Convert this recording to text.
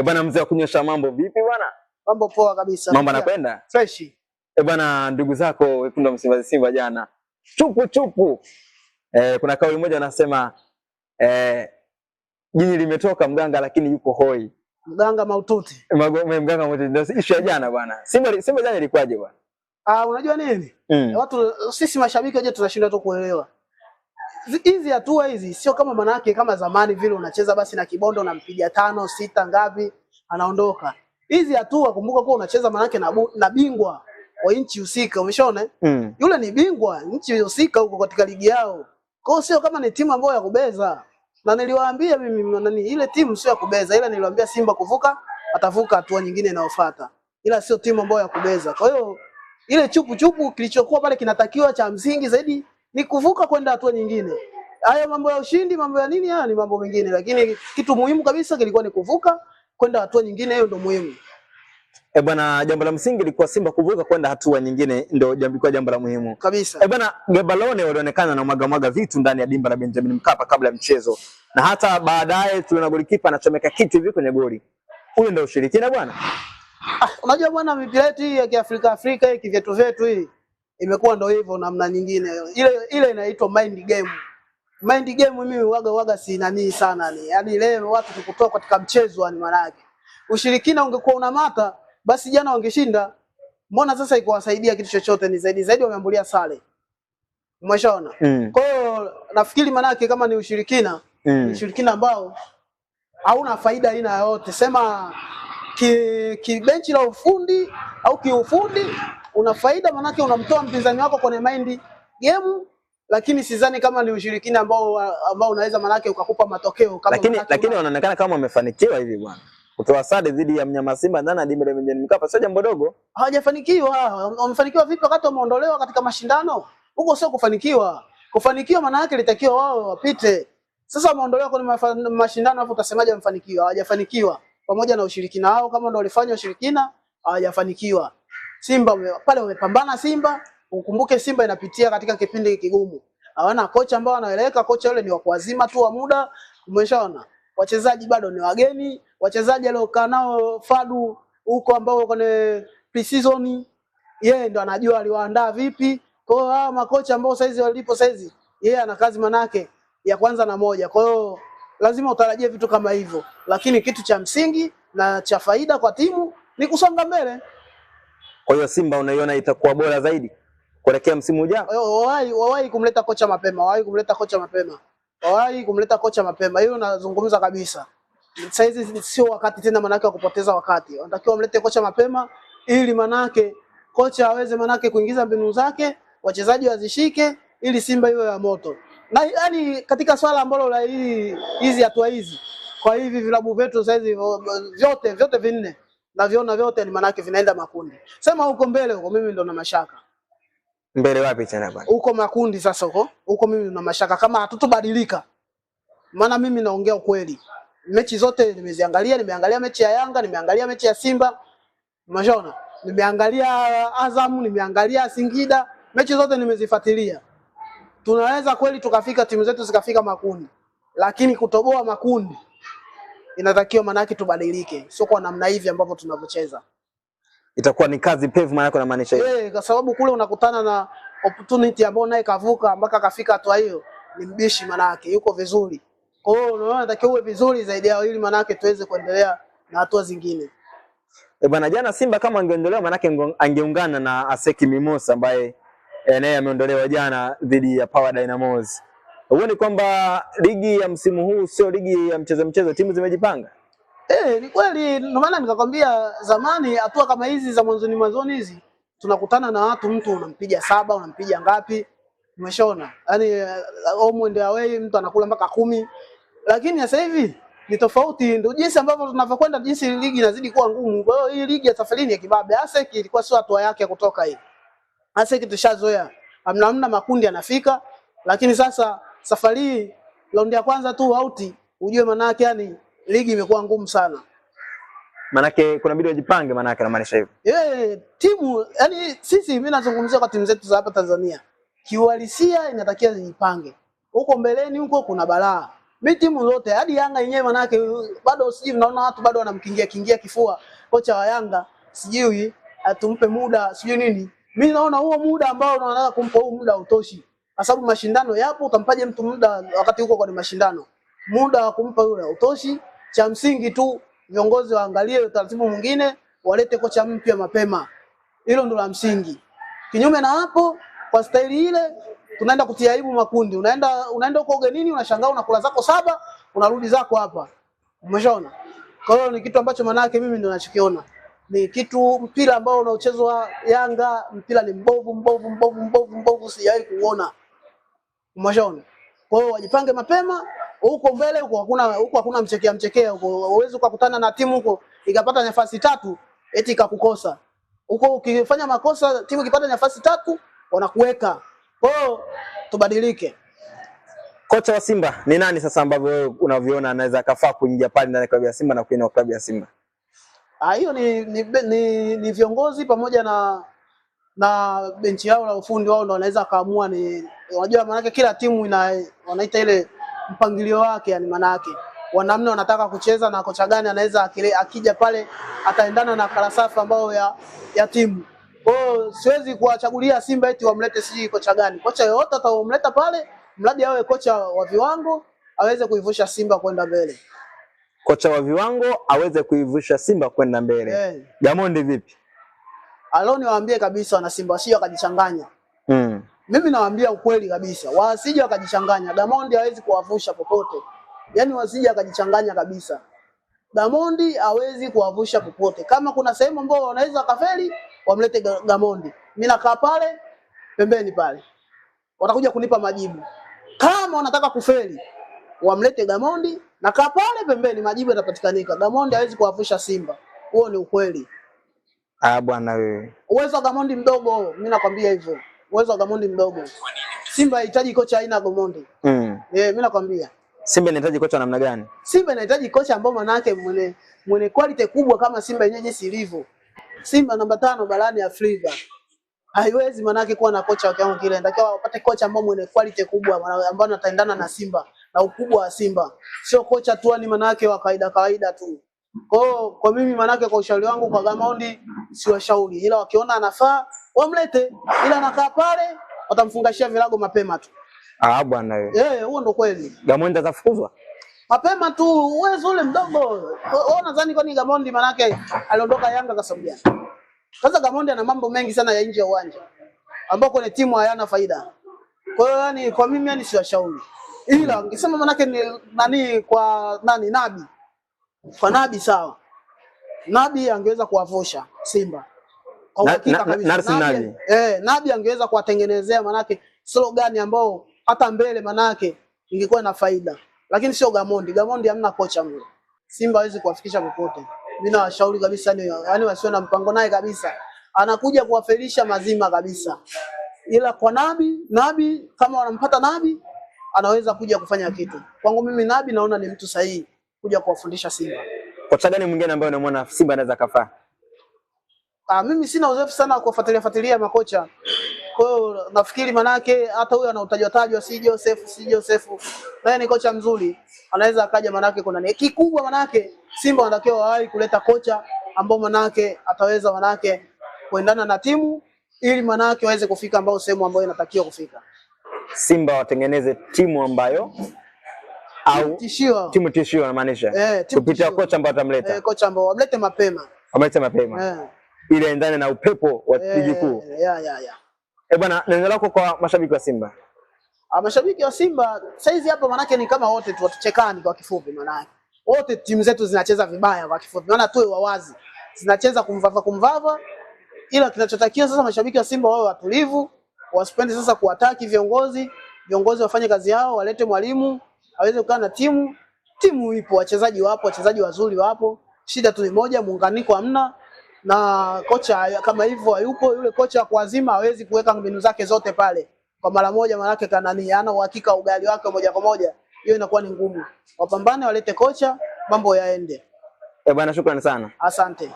E bwana mzee wa kunyosha mambo vipi bwana? Mambo poa kabisa. Mambo anapenda? Fresh. E bwana ndugu zako wekundu Msimbazi Simba jana. Chupu chupu. E, kuna kauli moja anasema eh, jini limetoka mganga lakini yuko hoi. Mganga maututi. Magome mganga maututi. issue ya jana bwana. Simba Simba jana ilikuwaje bwana? Ah, unajua nini? Mm. Watu sisi mashabiki waje tunashindwa tu kuelewa hizi hatua hizi sio kama manake kama zamani vile unacheza basi na kibondo unampiga tano sita ngapi anaondoka. Hizi hatua kumbuka kuwa unacheza manake na, na bingwa wa nchi husika, umeshaona mm. Yule ni bingwa nchi husika huko katika ligi yao, kwa hiyo sio kama ni timu ambayo ya kubeza, na niliwaambia mimi nani, ile timu sio ya kubeza, ila niliwaambia Simba kuvuka atavuka hatua nyingine inayofuata, ila sio timu ambayo ya kubeza. Kwa hiyo ile chupu chupu kilichokuwa pale kinatakiwa cha msingi zaidi ni kuvuka kwenda hatua nyingine. Haya mambo ya ushindi, mambo ya nini, haya ni mambo mengine, lakini kitu muhimu kabisa kilikuwa ni kuvuka kwenda hatua nyingine. Hiyo ndio muhimu. E bwana, jambo la msingi lilikuwa Simba kuvuka kwenda hatua nyingine, ndio jambo jambo la muhimu kabisa. E bwana, Gabalone walionekana na mwaga mwaga vitu ndani ya dimba la Benjamin Mkapa kabla ya mchezo, na hata baadaye tuliona golikipa anachomeka kitu hivi kwenye goli. Huyo ndio ushirikina bwana. Ah, unajua bwana, mipira yetu hii ya Kiafrika Afrika hii kivyetu vyetu hii imekuwa ndio hivyo namna nyingine. Ile ile inaitwa mind game. Mind game mimi waga waga si nani sana ni. Yaani leo watu tukutoa katika mchezo ni manake. Ushirikina ungekuwa una unamata basi jana wangeshinda. Mbona sasa ikuwasaidia kitu chochote ni zaidi zaidi wameambulia sare. Umeshaona? Mm. Kwa hiyo nafikiri manake kama ni ushirikina, mm. ushirikina ambao hauna faida aina yoyote. Sema ki, ki benchi la ufundi au kiufundi una faida, manake unamtoa mpinzani wako kwenye mind game, lakini sidhani kama ni ushirikina ambao ambao unaweza manake ukakupa matokeo kama lakini manake, lakini wanaonekana kama wamefanikiwa hivi bwana kutoa sare dhidi ya mnyama Simba ndani ya dimba la Benjamin Mkapa sio jambo dogo. Hawajafanikiwa. Wamefanikiwa vipi wakati wameondolewa katika mashindano? Huko sio kufanikiwa. Kufanikiwa maana yake litakiwa wao wapite. Sasa wameondolewa kwenye mashindano, alafu utasemaje wamefanikiwa? Hawajafanikiwa. Pamoja na ushirikina wao, kama ndio walifanya ushirikina, hawajafanikiwa. Simba pale wamepambana Simba, ukumbuke Simba inapitia katika kipindi kigumu. Hawana kocha ambao wanaeleweka, kocha yule ni wakuazima tu wa muda, umeshaona. Wachezaji bado ni wageni, wachezaji aliokaa nao Fadu huko ambao kwenye pre-season yeye ndo anajua aliwaandaa vipi. Kwa hiyo hawa makocha ambao saizi walipo saizi, yeye ana kazi manake ya kwanza na moja. Kwa hiyo lazima utarajie vitu kama hivyo, lakini kitu cha msingi na cha faida kwa timu ni kusonga mbele. Kwa hiyo Simba unaiona itakuwa bora zaidi kuelekea msimu ujao. Wawahi wawahi kumleta kocha mapema, wawahi kumleta kocha mapema, wawahi kumleta kocha mapema. Hiyo nazungumza kabisa. Sasa hizi sio wakati tena manake wa kupoteza wakati, wanatakiwa wamlete kocha mapema ili manake kocha aweze manake kuingiza mbinu zake, wachezaji wazishike ili Simba iwe ya moto. Na yani katika swala ambalo la hili hizi hatua hizi kwa hivi vilabu vyetu sasa hivi vyote vyote vinne naviona vyote ni manake vinaenda makundi. Sema huko mbele huko, mimi ndo na mashaka. Mbele wapi tena bwana? Huko makundi sasa huko. Huko mimi na mashaka kama hatutobadilika. Maana mimi naongea ukweli. Mechi zote nimeziangalia, nimeangalia mechi ya Yanga, nimeangalia mechi ya Simba. Umeshaona? Nimeangalia Azam, nimeangalia Singida. Mechi zote nimezifuatilia. Tunaweza kweli tukafika timu zetu zikafika makundi. Lakini kutoboa makundi inatakiwa maanake tubadilike, sio kwa namna hivi ambavyo tunavyocheza. Itakuwa ni kazi pevu, maana yake unamaanisha hiyo? eh, kwa sababu kule unakutana na opportunity ambayo naye kavuka mpaka kafika hatua hiyo, ni mbishi, maanake yuko vizuri. Kwa hiyo unaona, inatakiwa uwe vizuri zaidi yao, ili maanake tuweze kuendelea na hatua zingine. E bwana, jana Simba kama angeondolewa, maanake angeungana na Aseki Mimosa ambaye eh, naye ameondolewa jana dhidi ya Power Dynamos. Huoni kwamba ligi ya msimu huu sio ligi ya mchezo mchezo, timu zimejipanga? Eh, ni kweli. Ndio maana nikakwambia zamani, hatua kama hizi za mwanzoni mwanzoni hizi tunakutana na watu, mtu unampiga saba, unampiga ngapi, umeshona yaani eh, home and away, mtu anakula mpaka kumi. Lakini sasa hivi ni tofauti, ndio jinsi ambavyo tunavyokwenda, jinsi ligi inazidi kuwa ngumu. Kwa hiyo hii ligi ya Tafalini ya kibabe ASEC ilikuwa sio hatua yake ya kutoka hivi. ASEC tushazoea, amna amna makundi yanafika, lakini sasa safari hii raundi ya kwanza tu auti, ujue manake yani ligi imekuwa ngumu sana. Manake kuna bidii wajipange, manake namaanisha hivyo. Eh, timu yani sisi, mimi nazungumzia kwa timu zetu za hapa Tanzania, kiuhalisia inatakiwa zijipange. Huko mbeleni huko kuna balaa. mi timu zote hadi Yanga yenyewe manake bado sijui, naona watu bado wanamkingia kingia kifua kocha wa Yanga, sijui atumpe muda sijui nini. Mi naona huo muda ambao unaanza kumpa, huo muda utoshi kwa sababu mashindano yapo. Utampaje mtu muda wakati uko kwenye mashindano? Muda wa kumpa yule utoshi. Cha msingi tu viongozi waangalie utaratibu mwingine, walete kocha mpya mapema. Hilo ndo la msingi. Kinyume na hapo, kwa staili ile tunaenda kutia aibu makundi. Unaenda unaenda huko ugenini, unashangaa unakula zako saba, unarudi zako hapa. Umeshaona? Kwa hiyo ni kitu ambacho maana yake mimi ndio nachokiona. Ni kitu mpira ambao unaochezwa Yanga, mpira ni mbovu mbovu mbovu mbovu mbovu, sijawahi kuona mwashaona. Kwa hiyo wajipange mapema huko mbele huko hakuna huko hakuna mchekea mchekea huko. Huwezi ukakutana na timu huko ikapata nafasi tatu eti ikakukosa. Huko ukifanya makosa timu ikipata nafasi tatu wanakuweka. Kwa hiyo tubadilike. Kocha wa Simba ni nani sasa ambavyo wewe unaviona anaweza akafaa kuingia pale ndani ya klabu ya Simba na kuinua klabu ya Simba? Ah, hiyo ni ni, ni ni viongozi pamoja na na benchi yao na ufundi wao ndo wanaweza kaamua. Ni unajua maanake kila timu ina wanaita ile mpangilio wake, yani maana yake wanamne wanataka kucheza na kocha gani anaweza akija pale ataendana na karasafu ambayo ya, ya timu. Kwa hiyo siwezi kuwachagulia Simba eti wamlete sijui kocha gani. Kocha yoyote atamleta pale, mradi awe kocha wa viwango aweze kuivusha Simba kwenda mbele. Kocha wa viwango aweze kuivusha Simba kwenda mbele. Hey. Eh. Gamondi vipi? Alo niwaambie kabisa wana Simba wasije wakajichanganya. Mm. Mimi nawaambia ukweli kabisa, wasije wakajichanganya. Diamond hawezi kuwavusha popote. Yaani wasije wakajichanganya kabisa. Diamond hawezi kuwavusha popote. Kama kuna sehemu ambayo wanaweza wakafeli, wamlete Diamond. Mimi nakaa pale pembeni pale. Watakuja kunipa majibu. Kama wanataka kufeli, wamlete Diamond na kaa pale pembeni, majibu yatapatikanika. Diamond hawezi kuwavusha Simba. Huo ni ukweli. Ah, bwana wewe. Uwezo wa Gamondi mdogo, mimi nakwambia hivyo. Uwezo wa Gamondi mdogo. Simba inahitaji kocha aina ya Gamondi. Mm. Eh, mimi nakwambia. Simba inahitaji kocha namna gani? Simba inahitaji kocha ambaye maana yake mwenye mwenye quality kubwa kama Simba yenyewe jinsi ilivyo. Simba namba tano barani Afrika. Haiwezi maana yake kuwa na kocha wa kiwango kile. Inatakiwa wapate kocha ambaye mwenye quality kubwa ambaye anaendana na Simba na ukubwa wa Simba. Sio kocha tu ni maana yake wa kawaida kawaida tu. Kwa hiyo kwa mimi manake, kwa ushauri wangu kwa Gamondi siwashauri, ila wakiona anafaa wamlete, ila anakaa pale watamfungashia vilago mapema tu. Ah bwana wewe, eh, huo ndo kweli. Gamondi atafukuzwa mapema tu, uwezo ule mdogo wewe. unadhani kwa nini Gamondi manake aliondoka Yanga kwa sababu gani? Sasa Gamondi ana mambo mengi sana ya nje ya uwanja ambapo kwenye timu hayana faida. Kwa hiyo yani, kwa mimi yani siwashauri, ila ngisema manake ni nani kwa nani Nabi kwa Nabi sawa, Nabi angeweza kuwavosha Simba kwa hakika kabisa. Nabi, Nabi, eh, Nabi angeweza kuwatengenezea manake slogan ambao hata mbele manake ingekuwa na faida, lakini sio Gamondi. Gamondi hamna kocha mwe. Simba hawezi kuwafikisha popote. Mimi nawashauri kabisa, yaani, yaani wasiwe na mpango naye kabisa, anakuja kuwafelisha mazima kabisa. Ila kwa Nabi, Nabi kama wanampata Nabi anaweza kuja kufanya kitu. Kwangu mimi Nabi naona ni mtu sahihi kuja kuwafundisha Simba. Kocha gani mwingine ambaye unamwona Simba anaweza kafaa? Ah, mimi sina uzoefu sana kufuatilia fuatilia makocha. Kwa hiyo nafikiri manake hata huyo anautajwa tajwa si Joseph, si Joseph. Naye ni kocha mzuri. Anaweza akaja manake kuna nini? Kikubwa manake Simba wanatakiwa wawahi kuleta kocha ambao manake ataweza manake kuendana na timu ili manake waweze kufika ambao sehemu ambayo inatakiwa kufika. Simba watengeneze timu ambayo au timu tishio anamaanisha eh, kupitia kocha ambaye atamleta eh, kocha ambao wamlete mapema wamlete mapema eh, ili aendane na upepo wa eh, ligi kuu ya yeah, yeah. Eh bwana, neno lako kwa mashabiki wa Simba. Ah, mashabiki wa Simba saizi hapa manake ni kama wote tu watuchekani kwa kifupi manake. Wote timu zetu zinacheza vibaya kwa kifupi. Maana tuwe wawazi. Zinacheza kumvava kumvava. Ila kinachotakiwa sasa mashabiki wa Simba wawe watulivu, wasipende sasa kuwataki viongozi, viongozi wafanye kazi yao, walete mwalimu aweze kukaa na timu. Timu ipo, wachezaji wapo, wachezaji wazuri wapo, shida tu ni moja, muunganiko hamna na kocha kama hivyo hayupo. Yule kocha wa kuazima hawezi kuweka mbinu zake zote pale kwa mara moja, manake kanani ana uhakika ugali wake moja kwa moja, hiyo inakuwa ni ngumu. Wapambane, walete kocha, mambo yaende. Eh bwana, shukrani sana, asante.